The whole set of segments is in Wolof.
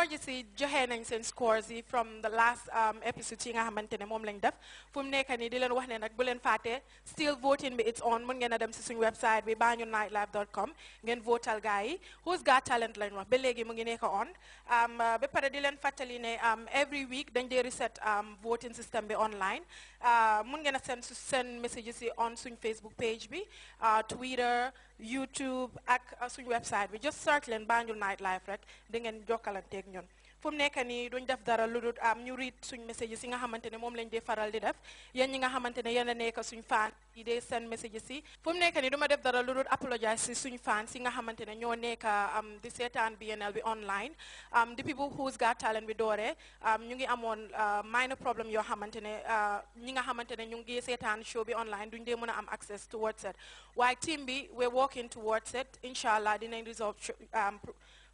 loolu si joxe nañ seen scores from the last um, episode yi nga xamante ne moom lañ def fu mu nekk nii di leen wax ne nag bu still voting bi it's on Mungena dem si suñu website bi banjulnightlife.com ngeen vote gars yi who's got talent line? wax ba léegi mu ngi nekk on um, uh, ba pare di leen fàttali ne um, every week then they reset voting system be online uh, mun ngeen send seen messages yi on suñ Facebook page bi uh, Twitter. YouTube ak website bi just search leen Banjul nightlife rek di ngeen jokkalanteeg ñun fu mu nekk nii duñ def dara lu am ñu read suñ messages yi nga xamante ne lañ dee faral di def yéen ñi nga xamante ne yéen a nekk suñ fan yi dey send messages yi fu mu nekk nii du def dara lu apologize si suñ fan si nga xamante ne ñoo nekk am di seetaan BNL bi online am di people who's got talent bi doore am ñu ngi amoon uh, minor problem yoo xamante ne uh, ñi nga xamante ne ñu ngi seetaan show bi online duñ dee mën am access towards it waaye team bi we're working towards it Inshallah, allah dinañ resolve um,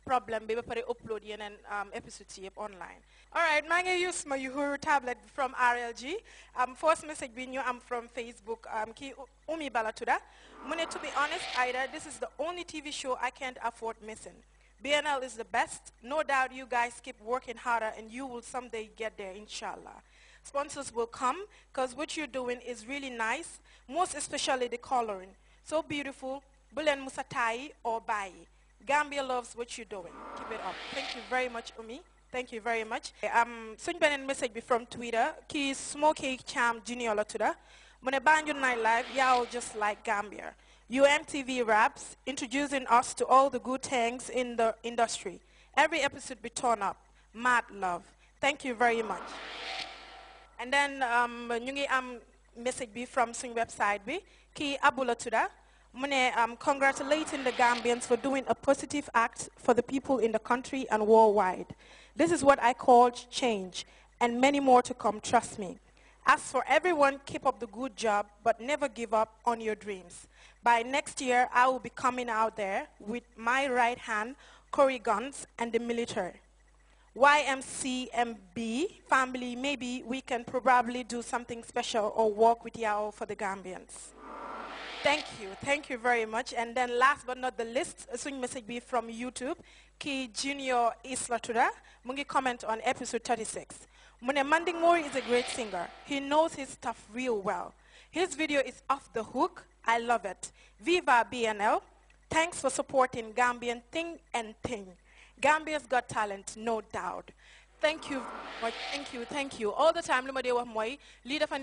problem be for uploading an um, episode tape online. All right, mange use my Uhuru tablet from RLG. Um, first message being you, I'm from Facebook. Um, ki umi balatuda. Mune, to be honest, Ida, this is the only TV show I can't afford missing. BNL is the best. No doubt you guys keep working harder and you will someday get there, inshallah. Sponsors will come because what you're doing is really nice, most especially the coloring. So beautiful. Bulen musatai or bayi. Gambia loves what you're doing. Keep it up. Thank you very much, Umi. Thank you very much. Um, suñ beneen message be from Twitter Ki Smokey Cham Junior la tudda mu ne Banjul nightlife y'all just like Gambia. UMTV Raps introducing us to all the good things in the industry. Every episode be torn up. Mad love. Thank you very much. And then um, ngi am message be from suñ website be ki Abula tudda I'm congratulating the Gambians for doing a positive act for the people in the country and worldwide. This is what I call change, and many more to come, trust me. As for everyone, keep up the good job, but never give up on your dreams. By next year, I will be coming out there with my right hand, Corey guns, and the military. YMCMB family, maybe we can probably do something special or work with y'all for the Gambians. Thank you. Thank you very much. And then last but not the least, a swing message be from YouTube. Ki Junior Islatura, mungi comment on episode 36. Mune Mori is a great singer. He knows his stuff real well. His video is off the hook. I love it. Viva BNL. Thanks for supporting Gambian Thing and Thing. Gambia's got talent, no doubt. Thank you. Thank you. Thank you. All the time, lu ma dee wax mooy lii dafa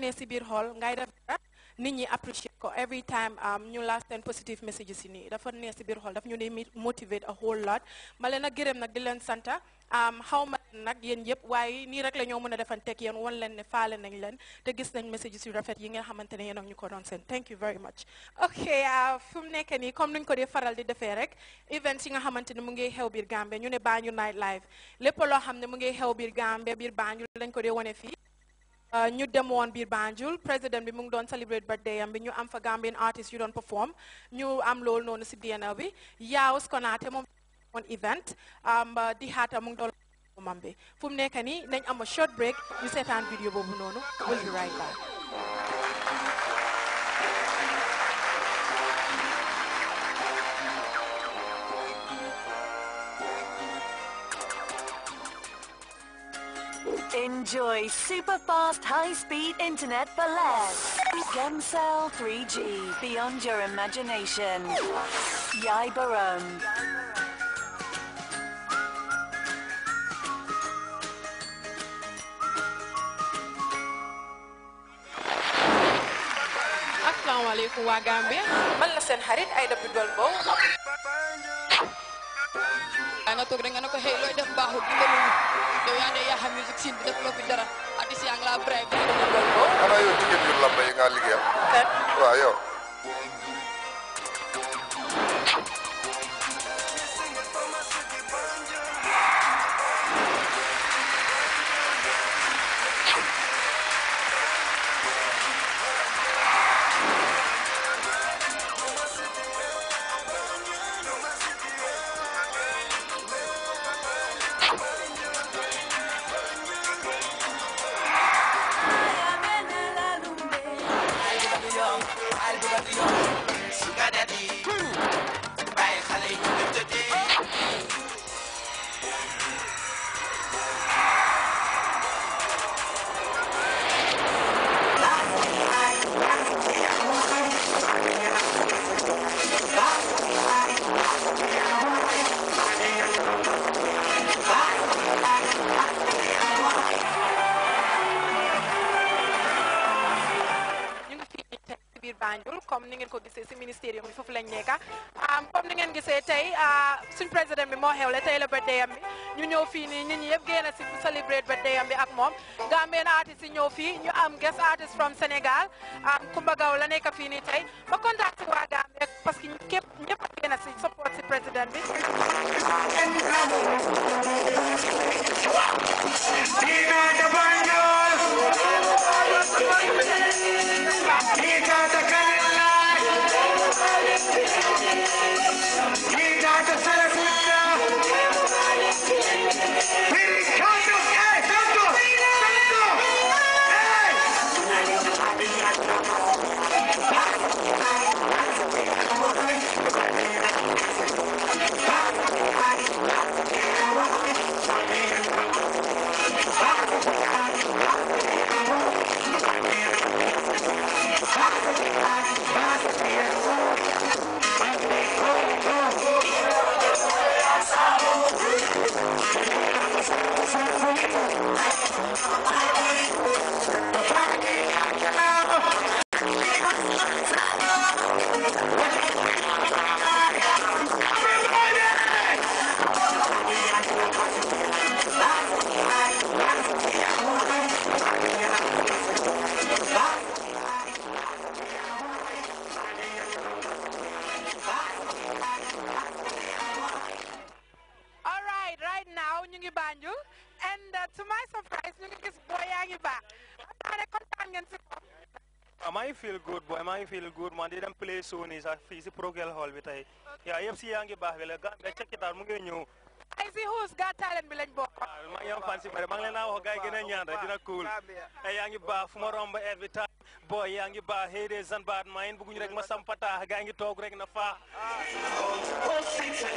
nit ñi appreciate ko every time um, ñu last seen positive messages yi nii dafa neex si biir xol daf ñu ne motivate a whole lot ma leen a gërëm nag di leen santa um, xaw ma nag yéen yëpp waaye nii rek la ñoo mën a defanteeg yéen wan leen ne faale nañ leen te gis nañ messages yu rafet yi nga xamante ne yéen ak ñu ko doon seen thank you very much ok uh, fu mu nekk nii comme nuñ ko dee faral di defee rek events yi nga xamante ne mu ngi xew biir Gambie ñu ne night live lépp loo xam ne mu ngi xew biir Gambie biir lañ ko dee wane fii uh, ñu demoon biir Banjul président bi mu ngi doon celebrate birthday am bi ñu am fa Gambian artist yu doon perform ñu am loolu noonu si DNL bi kona Konaté moom on event uh, di haata mu ngi doon moom bi fu mu nekk nii nañ am a short break ñu seetaan vidéo boobu noonu we'll be right back Enjoy super-fast high-speed internet for less. Gemcell 3G, beyond your imagination. Yai Barone. Assalamu alaikum wa Gambia. Man la seen xarit Aïda Budol Mbow. da nga tok rek nga nako hey loy def baxu ya ne ya music scene def lo fi dara adis yang la brave ana yow ticket yu lambe nga ya. wa Banjul comme ni ngeen ko gisee si ministère bi foofu lañ nekka comme ni ngeen gisee tey suñ président bi moo xewle tey la birthday am bi ñu ñëw fii nii nit ñi yëpp génn si celebrate birthday am bi ak moom Gambian artist yi ñëw fii ñu am guest artist from Sénégal Kumba Gaw la nekk fii ni tey ma kontaan waa Gambie parce que képp ñëpp a génn si support si président bi ngi Banjul and uh, booy yaa ngi baax xam naa ne kontaan ngeen si ah, maa ngi feel good boy maa ngi feel good maa di dem play soni sax fii si Progel Hall bi tey yaa yëpp si yaa ngi baax bi la Gambia cekitaar mu ngi ñëw. ay bi lañ bokk. Ah, maa ngi am fan si bëri maa ngi a wax gars yi gën ñaan rek dina cool. yaa ngi baax fu ma romb every time boy yaa ngi baax hey de zan baat maa yéen bëgguñu rek ma sampataax gaa ngi toog rek na faax. Ah.